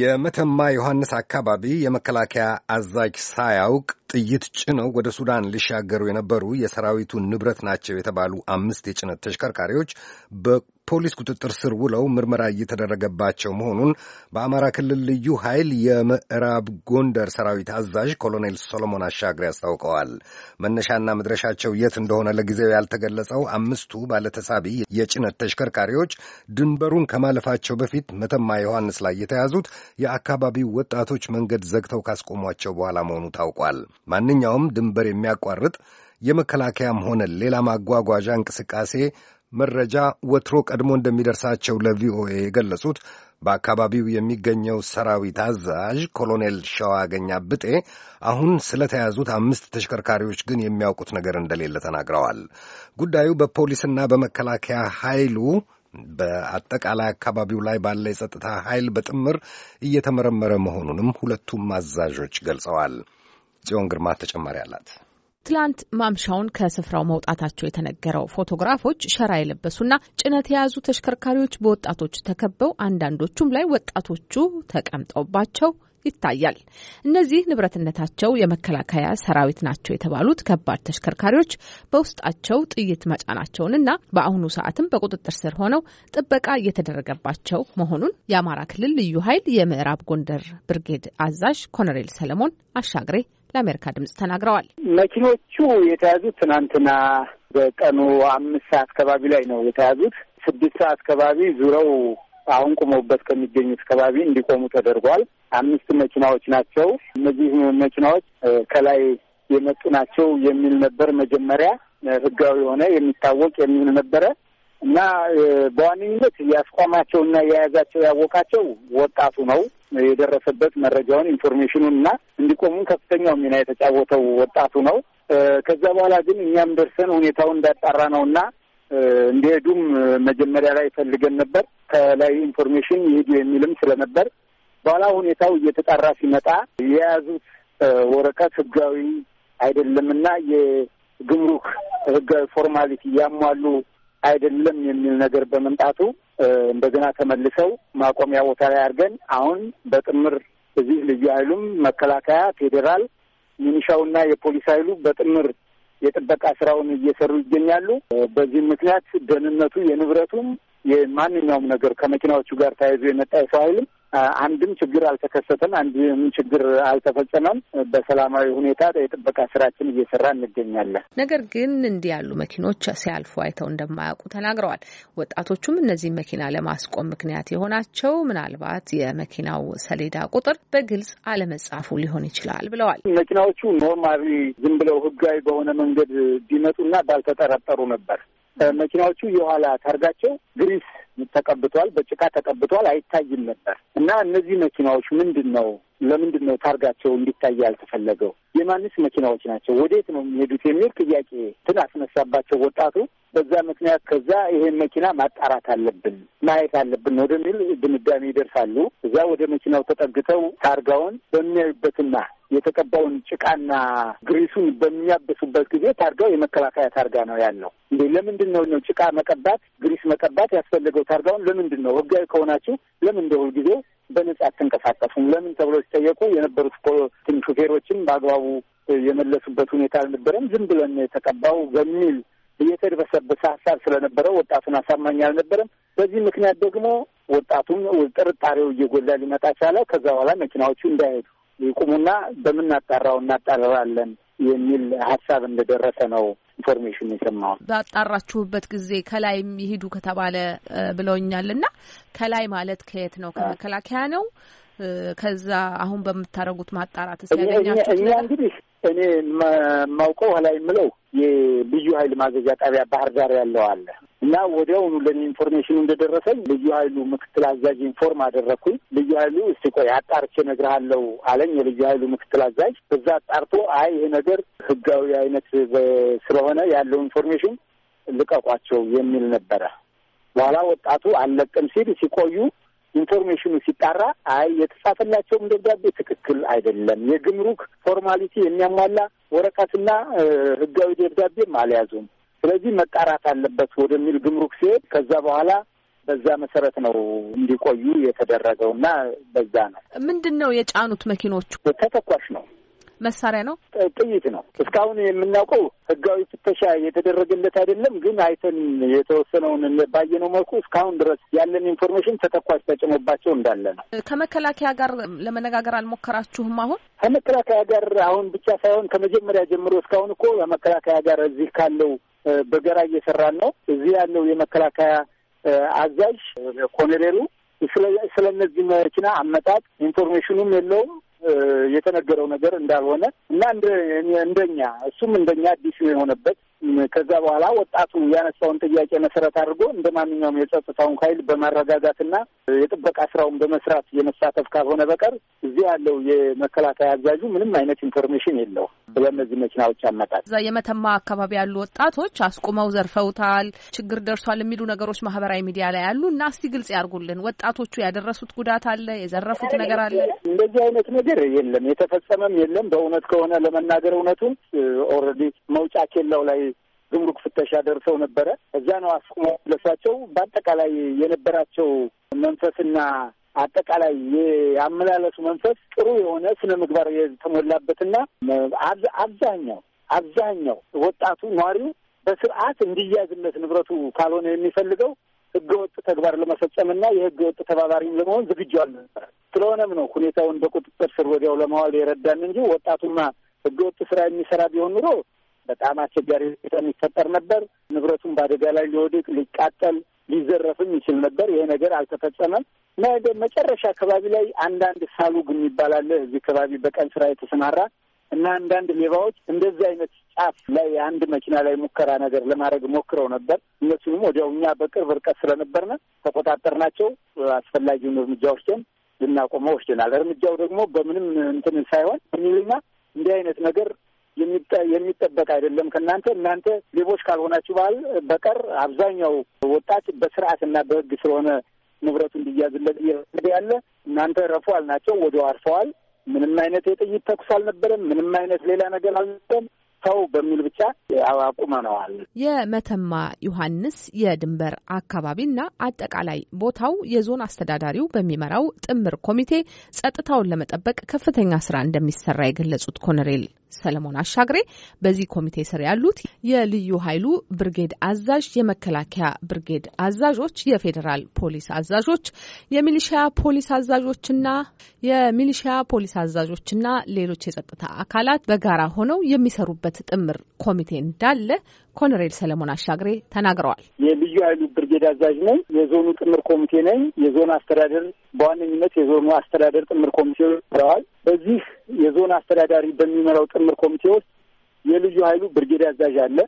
የመተማ ዮሐንስ አካባቢ የመከላከያ አዛዥ ሳያውቅ ጥይት ጭነው ወደ ሱዳን ሊሻገሩ የነበሩ የሰራዊቱ ንብረት ናቸው የተባሉ አምስት የጭነት ተሽከርካሪዎች በፖሊስ ቁጥጥር ስር ውለው ምርመራ እየተደረገባቸው መሆኑን በአማራ ክልል ልዩ ኃይል የምዕራብ ጎንደር ሰራዊት አዛዥ ኮሎኔል ሶሎሞን አሻግሬ አስታውቀዋል። መነሻና መድረሻቸው የት እንደሆነ ለጊዜው ያልተገለጸው አምስቱ ባለተሳቢ የጭነት ተሽከርካሪዎች ድንበሩን ከማለፋቸው በፊት መተማ ዮሐንስ ላይ የተያዙት የአካባቢው ወጣቶች መንገድ ዘግተው ካስቆሟቸው በኋላ መሆኑ ታውቋል። ማንኛውም ድንበር የሚያቋርጥ የመከላከያም ሆነ ሌላ ማጓጓዣ እንቅስቃሴ መረጃ ወትሮ ቀድሞ እንደሚደርሳቸው ለቪኦኤ የገለጹት በአካባቢው የሚገኘው ሰራዊት አዛዥ ኮሎኔል ሸዋገኛ ብጤ አሁን ስለተያዙት አምስት ተሽከርካሪዎች ግን የሚያውቁት ነገር እንደሌለ ተናግረዋል። ጉዳዩ በፖሊስና በመከላከያ ኃይሉ በአጠቃላይ አካባቢው ላይ ባለ የጸጥታ ኃይል በጥምር እየተመረመረ መሆኑንም ሁለቱም አዛዦች ገልጸዋል። ጽዮን ግርማ ተጨማሪ አላት። ትላንት ማምሻውን ከስፍራው መውጣታቸው የተነገረው ፎቶግራፎች ሸራ የለበሱና ጭነት የያዙ ተሽከርካሪዎች በወጣቶች ተከበው አንዳንዶቹም ላይ ወጣቶቹ ተቀምጠውባቸው ይታያል። እነዚህ ንብረትነታቸው የመከላከያ ሰራዊት ናቸው የተባሉት ከባድ ተሽከርካሪዎች በውስጣቸው ጥይት መጫናቸውንና በአሁኑ ሰዓትም በቁጥጥር ስር ሆነው ጥበቃ እየተደረገባቸው መሆኑን የአማራ ክልል ልዩ ኃይል የምዕራብ ጎንደር ብርጌድ አዛዥ ኮሎኔል ሰለሞን አሻግሬ ለአሜሪካ ድምጽ ተናግረዋል። መኪኖቹ የተያዙት ትናንትና በቀኑ አምስት ሰዓት አካባቢ ላይ ነው የተያዙት። ስድስት ሰዓት አካባቢ ዙረው አሁን ቁመውበት ከሚገኙት አካባቢ እንዲቆሙ ተደርጓል። አምስት መኪናዎች ናቸው። እነዚህ መኪናዎች ከላይ የመጡ ናቸው የሚል ነበር መጀመሪያ ህጋዊ የሆነ የሚታወቅ የሚል ነበረ እና በዋነኝነት እና የያዛቸው ያወቃቸው ወጣቱ ነው። የደረሰበት መረጃውን ኢንፎርሜሽኑን እና እንዲቆሙን ከፍተኛው ሚና የተጫወተው ወጣቱ ነው። ከዛ በኋላ ግን እኛም ደርሰን ሁኔታውን እንዳጣራ ነው እና እንዲሄዱም መጀመሪያ ላይ ፈልገን ነበር። ከላይ ኢንፎርሜሽን ይሄዱ የሚልም ስለነበር በኋላ ሁኔታው እየተጣራ ሲመጣ የያዙት ወረቀት ህጋዊ አይደለምና የግምሩክ ህጋዊ ፎርማሊቲ ያሟሉ አይደለም የሚል ነገር በመምጣቱ እንደገና ተመልሰው ማቆሚያ ቦታ ላይ አድርገን አሁን በጥምር እዚህ ልዩ ኃይሉም መከላከያ፣ ፌዴራል ሚኒሻውና የፖሊስ ኃይሉ በጥምር የጥበቃ ስራውን እየሰሩ ይገኛሉ። በዚህም ምክንያት ደህንነቱ የንብረቱም የማንኛውም ነገር ከመኪናዎቹ ጋር ተያይዞ የመጣ የሰው ኃይልም አንድም ችግር አልተከሰተም፣ አንድም ችግር አልተፈጸመም። በሰላማዊ ሁኔታ የጥበቃ ስራችን እየሰራ እንገኛለን። ነገር ግን እንዲህ ያሉ መኪኖች ሲያልፉ አይተው እንደማያውቁ ተናግረዋል። ወጣቶቹም እነዚህ መኪና ለማስቆም ምክንያት የሆናቸው ምናልባት የመኪናው ሰሌዳ ቁጥር በግልጽ አለመጻፉ ሊሆን ይችላል ብለዋል። መኪናዎቹ ኖርማሊ ዝም ብለው ህጋዊ በሆነ መንገድ ቢመጡና ባልተጠረጠሩ ነበር። መኪናዎቹ የኋላ ታርጋቸው ግሪስ ተቀብቷል፣ በጭቃ ተቀብቷል፣ አይታይም ነበር እና እነዚህ መኪናዎች ምንድን ነው ለምንድን ነው ታርጋቸው እንዲታይ ያልተፈለገው? የማንስ መኪናዎች ናቸው? ወዴት ነው የሚሄዱት? የሚል ጥያቄ ትን አስነሳባቸው ወጣቱ። በዛ ምክንያት ከዛ ይሄን መኪና ማጣራት አለብን ማየት አለብን ወደሚል ድምዳሜ ይደርሳሉ። እዛ ወደ መኪናው ተጠግተው ታርጋውን በሚያዩበትና የተቀባውን ጭቃና ግሪሱን በሚያብሱበት ጊዜ ታርጋው የመከላከያ ታርጋ ነው ያለው። እንዴ ለምንድን ነው ነው ጭቃ መቀባት ግሪስ መቀባት ያስፈለገው? ታርጋውን ለምንድን ነው ህጋዊ ከሆናችሁ ለምን እንደ ጊዜ በነጻ አትንቀሳቀሱም? ለምን ተብሎ ሲጠየቁ የነበሩት ሾፌሮችም በአግባቡ የመለሱበት ሁኔታ አልነበረም። ዝም ብለን የተቀባው በሚል እየተደበሰበሰ ሀሳብ ስለነበረው ወጣቱን አሳማኝ አልነበረም። በዚህ ምክንያት ደግሞ ወጣቱም ጥርጣሬው እየጎላ ሊመጣ ቻለ። ከዛ በኋላ መኪናዎቹ እንዳይሄዱ ይቁሙና በምናጣራው እናጣራለን የሚል ሀሳብ እንደደረሰ ነው ኢንፎርሜሽን የሰማው። ባጣራችሁበት ጊዜ ከላይ ይሄዱ ከተባለ ብለውኛል። እና ከላይ ማለት ከየት ነው? ከመከላከያ ነው? ከዛ አሁን በምታደርጉት ማጣራት ሲያገኛችሁ እኛ እንግዲህ እኔ የማውቀው ከላይ የምለው የልዩ ኃይል ማዘዣ ጣቢያ ባህር ዳር ያለው አለ እና ወዲያውኑ ለእኔ ኢንፎርሜሽኑ እንደደረሰኝ ልዩ ኃይሉ ምክትል አዛዥ ኢንፎርም አደረግኩኝ። ልዩ ኃይሉ እስቲ ቆይ አጣርቼ እነግርሃለሁ አለኝ። የልዩ ኃይሉ ምክትል አዛዥ በዛ አጣርቶ አይ ይሄ ነገር ህጋዊ አይነት ስለሆነ ያለው ኢንፎርሜሽን ልቀቋቸው የሚል ነበረ። በኋላ ወጣቱ አልለቅም ሲል ሲቆዩ ኢንፎርሜሽኑ ሲጣራ አይ የተጻፈላቸውም ደብዳቤ ትክክል አይደለም፣ የግምሩክ ፎርማሊቲ የሚያሟላ ወረቀትና ህጋዊ ደብዳቤም አልያዙም ስለዚህ መጣራት አለበት ወደሚል ግምሩክ ሲሄድ ከዛ በኋላ በዛ መሰረት ነው እንዲቆዩ የተደረገው እና በዛ ነው። ምንድን ነው የጫኑት መኪኖቹ? ተተኳሽ ነው መሳሪያ ነው ጥይት ነው። እስካሁን የምናውቀው ህጋዊ ፍተሻ የተደረገለት አይደለም፣ ግን አይተን የተወሰነውን ባየነው መልኩ እስካሁን ድረስ ያለን ኢንፎርሜሽን ተተኳሽ ተጭኖባቸው እንዳለ ነው። ከመከላከያ ጋር ለመነጋገር አልሞከራችሁም? አሁን ከመከላከያ ጋር አሁን ብቻ ሳይሆን ከመጀመሪያ ጀምሮ እስካሁን እኮ ከመከላከያ ጋር እዚህ ካለው በገራ እየሰራን ነው። እዚህ ያለው የመከላከያ አዛዥ ኮሎኔሉ ስለ እነዚህ መኪና አመጣጥ ኢንፎርሜሽኑም የለውም የተነገረው ነገር እንዳልሆነ እና እንደኛ እሱም እንደኛ አዲስ የሆነበት ከዛ በኋላ ወጣቱ ያነሳውን ጥያቄ መሰረት አድርጎ እንደ ማንኛውም የጸጥታውን ኃይል በማረጋጋትና የጥበቃ ስራውን በመስራት የመሳተፍ ካልሆነ በቀር እዚህ ያለው የመከላከያ አዛዡ ምንም አይነት ኢንፎርሜሽን የለው በእነዚህ መኪናዎች አመጣት። እዛ የመተማ አካባቢ ያሉ ወጣቶች አስቁመው ዘርፈውታል፣ ችግር ደርሷል የሚሉ ነገሮች ማህበራዊ ሚዲያ ላይ ያሉ እና እስቲ ግልጽ ያርጉልን፣ ወጣቶቹ ያደረሱት ጉዳት አለ? የዘረፉት ነገር አለ? እንደዚህ አይነት ነገር የለም፣ የተፈጸመም የለም። በእውነት ከሆነ ለመናገር እውነቱን ኦልሬዲ መውጫ ኬላው ላይ ጉምሩክ ፍተሻ ደርሰው ነበረ። እዛ ነው አስቁሞ መለሷቸው። በአጠቃላይ የነበራቸው መንፈስና አጠቃላይ የአመላለሱ መንፈስ ጥሩ የሆነ ስነ ምግባር የተሞላበትና አብዛኛው አብዛኛው ወጣቱ ነዋሪው በስርዓት እንዲያዝነት ንብረቱ ካልሆነ የሚፈልገው ህገወጥ ተግባር ለመፈጸምና ወጥ ተባባሪም ለመሆን ዝግጁ አልነበረ። ስለሆነም ነው ሁኔታውን በቁጥጥር ስር ወዲያው ለማዋል የረዳን እንጂ ወጣቱማ ህገወጥ ስራ የሚሰራ ቢሆን ኑሮ በጣም አስቸጋሪ ሁኔታ ይፈጠር ነበር። ንብረቱን በአደጋ ላይ ሊወድቅ፣ ሊቃጠል፣ ሊዘረፍም ይችል ነበር። ይሄ ነገር አልተፈጸመም። ነገ መጨረሻ አካባቢ ላይ አንዳንድ ሳሉግ የሚባል አለ እዚህ አካባቢ በቀን ስራ የተሰማራ እና አንዳንድ ሌባዎች እንደዚህ አይነት ጫፍ ላይ አንድ መኪና ላይ ሙከራ ነገር ለማድረግ ሞክረው ነበር። እነሱንም ወዲያው እኛ በቅርብ ርቀት ስለነበርነ ተቆጣጠርናቸው። አስፈላጊውን እርምጃ ወስደን ልናቆመው ወስደናል። እርምጃው ደግሞ በምንም እንትን ሳይሆን ሚልና እንዲህ አይነት ነገር የሚጠበቅ አይደለም ከእናንተ እናንተ ሌቦች ካልሆናችሁ ባል በቀር አብዛኛው ወጣት በስርዓትና በህግ ስለሆነ ንብረቱ እንዲያዝለት እየፈለገ ያለ እናንተ ረፉ አልናቸው። ወዲያው አርፈዋል። ምንም አይነት የጥይት ተኩስ አልነበረም። ምንም አይነት ሌላ ነገር አልነበረም። ሰው በሚል ብቻ አቁመነዋል። የመተማ ዮሐንስ የድንበር አካባቢና አጠቃላይ ቦታው የዞን አስተዳዳሪው በሚመራው ጥምር ኮሚቴ ጸጥታውን ለመጠበቅ ከፍተኛ ስራ እንደሚሰራ የገለጹት ኮሎኔል ሰለሞን አሻግሬ በዚህ ኮሚቴ ስር ያሉት የልዩ ኃይሉ ብርጌድ አዛዥ፣ የመከላከያ ብርጌድ አዛዦች፣ የፌዴራል ፖሊስ አዛዦች፣ የሚሊሺያ ፖሊስ አዛዦችና የሚሊሺያ ፖሊስ አዛዦችና ሌሎች የጸጥታ አካላት በጋራ ሆነው የሚሰሩበት ግንኙነት ጥምር ኮሚቴ እንዳለ ኮሎኔል ሰለሞን አሻግሬ ተናግረዋል። የልዩ ኃይሉ ብርጌድ አዛዥ ነኝ። የዞኑ ጥምር ኮሚቴ ነኝ። የዞን አስተዳደር በዋነኝነት የዞኑ አስተዳደር ጥምር ኮሚቴ ብለዋል። በዚህ የዞን አስተዳዳሪ በሚመራው ጥምር ኮሚቴ ውስጥ የልዩ ኃይሉ ብርጌድ አዛዥ አለ።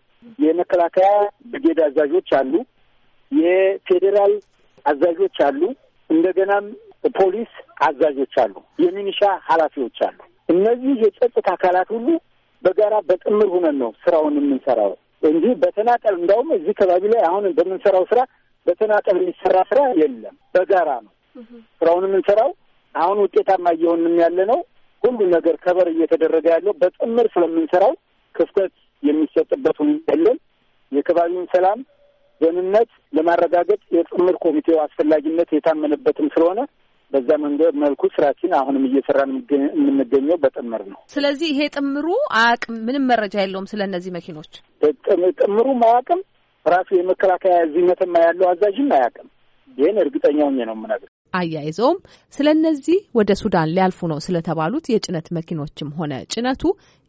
የመከላከያ ብርጌድ አዛዦች አሉ። የፌዴራል አዛዦች አሉ። እንደገናም ፖሊስ አዛዦች አሉ። የሚኒሻ ኃላፊዎች አሉ። እነዚህ የጸጥታ አካላት ሁሉ በጋራ በጥምር ሁነን ነው ስራውን የምንሰራው እንጂ በተናጠል እንዳውም እዚህ ከባቢ ላይ አሁን በምንሰራው ስራ በተናጠል የሚሰራ ስራ የለም። በጋራ ነው ስራውን የምንሰራው። አሁን ውጤታማ እየሆንም ያለ ነው። ሁሉ ነገር ከበር እየተደረገ ያለው በጥምር ስለምንሰራው ክፍተት የሚሰጥበት ሁኔታ የለም። የከባቢውን ሰላም ደህንነት ለማረጋገጥ የጥምር ኮሚቴው አስፈላጊነት የታመነበትም ስለሆነ በዛ መንገድ መልኩ ስራችን አሁንም እየሰራን የምንገኘው በጥምር ነው። ስለዚህ ይሄ ጥምሩ አያውቅም፣ ምንም መረጃ የለውም ስለ እነዚህ መኪኖች። ጥምሩ አያውቅም፣ ራሱ የመከላከያ እዚህ መተማ ያለው አዛዥም አያውቅም። ይህን እርግጠኛ ሆኜ ነው የምነግርህ። አያይዘውም ስለነዚህ ወደ ሱዳን ሊያልፉ ነው ስለተባሉት የጭነት መኪኖችም ሆነ ጭነቱ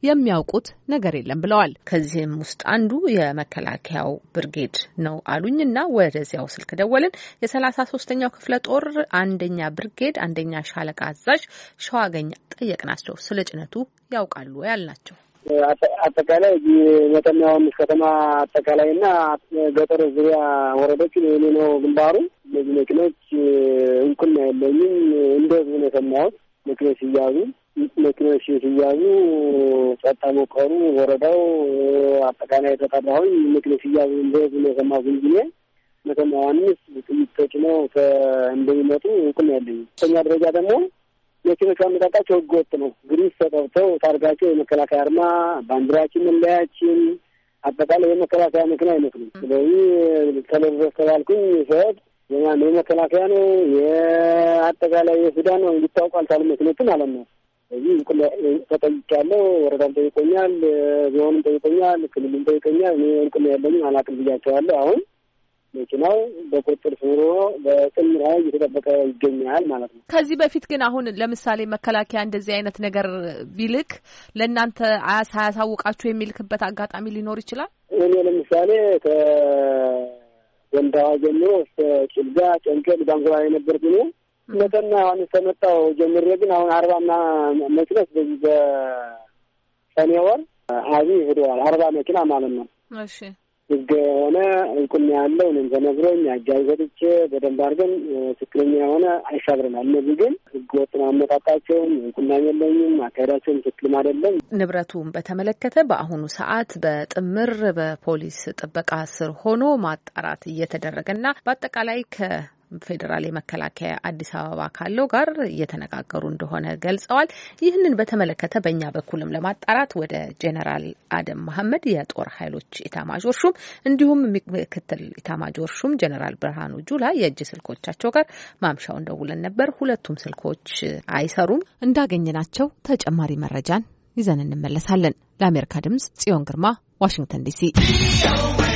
የሚያውቁት ነገር የለም ብለዋል። ከዚህም ውስጥ አንዱ የመከላከያው ብርጌድ ነው አሉኝና ወደዚያው ስልክ ደወልን። የሰላሳ ሶስተኛው ክፍለ ጦር አንደኛ ብርጌድ አንደኛ ሻለቃ አዛዥ ሸዋገኛ ጠየቅናቸው። ስለ ጭነቱ ያውቃሉ ያልናቸው አጠቃላይ መተማ ከተማ አጠቃላይ እና ገጠር ዙሪያ ወረዶችን የኔ ነው ግንባሩ። እነዚህ መኪኖች እንኩና የለኝም እንደ ህዝቡ ነው የሰማሁት። መኪኖች ሲያዙ መኪኖች ሲያዙ ጸጥታ መቀሩ ወረዳው አጠቃላይ የተጠራሁኝ መኪኖች ሲያዙ እንደ ህዝቡ ነው የሰማሁት እንጂ መተማ ዮሐንስ ጥይት ተጭነው እንደሚመጡ እንኩና ያለኝም። ሁለተኛ ደረጃ ደግሞ መኪኖቹ አመጣጣቸው ህገ ወጥ ነው። ግሪስ ተጠብተው ታርጋቸው የመከላከያ አርማ፣ ባንዲራችን፣ መለያችን አጠቃላይ የመከላከያ መኪና አይመስሉም። ስለዚህ ተለብበስ ተባልኩኝ ሰት የማን የመከላከያ ነው የአጠቃላይ የሱዳን ነው እንዲታውቋል አልቻሉ መኪኖቹ ማለት ነው። ስለዚህ ተጠይቻለሁ። ወረዳም ጠይቆኛል፣ ዞንም ጠይቆኛል፣ ክልሉም ጠይቆኛል። እኔ እውቅና የለኝም አላውቅም ብያቸዋለሁ አሁን መኪናው በቁጥጥር ስር ውሎ በጥምር ኃይል እየተጠበቀ ይገኛል ማለት ነው። ከዚህ በፊት ግን አሁን ለምሳሌ መከላከያ እንደዚህ አይነት ነገር ቢልክ ለእናንተ ሳያሳውቃችሁ የሚልክበት አጋጣሚ ሊኖር ይችላል። እኔ ለምሳሌ ከገንዳዋ ጀምሮ እስከ ጭልጋ ጨንቀል ባንኩራ የነበርኩ እኔ መተና አሁን ተመጣው ጀምሬ ግን አሁን አርባና መኪኖች በዚህ በሰኔ ወር አዚ ሄደዋል። አርባ መኪና ማለት ነው። እሺ ህገ የሆነ እውቅና ያለው እኔም ተነግሮኝ አጃቢ ሰጥቼ በደንብ አድርገን ትክክለኛ የሆነ አይሻብረናል። እነዚህ ግን ህገ ወጥ አመጣጣቸውም እውቅና የለኝም፣ አካሄዳቸውም ትክክልም አይደለም። ንብረቱን በተመለከተ በአሁኑ ሰዓት በጥምር በፖሊስ ጥበቃ ስር ሆኖ ማጣራት እየተደረገና በአጠቃላይ ከ ፌዴራል የመከላከያ አዲስ አበባ ካለው ጋር እየተነጋገሩ እንደሆነ ገልጸዋል። ይህንን በተመለከተ በእኛ በኩልም ለማጣራት ወደ ጄኔራል አደም መሐመድ የጦር ኃይሎች ኢታማዦር ሹም እንዲሁም ምክትል ኢታማዦር ሹም ጄኔራል ብርሃኑ ጁላ የእጅ ስልኮቻቸው ጋር ማምሻውን ደውለን ነበር። ሁለቱም ስልኮች አይሰሩም። እንዳገኘናቸው ተጨማሪ መረጃን ይዘን እንመለሳለን። ለአሜሪካ ድምጽ ጽዮን ግርማ ዋሽንግተን ዲሲ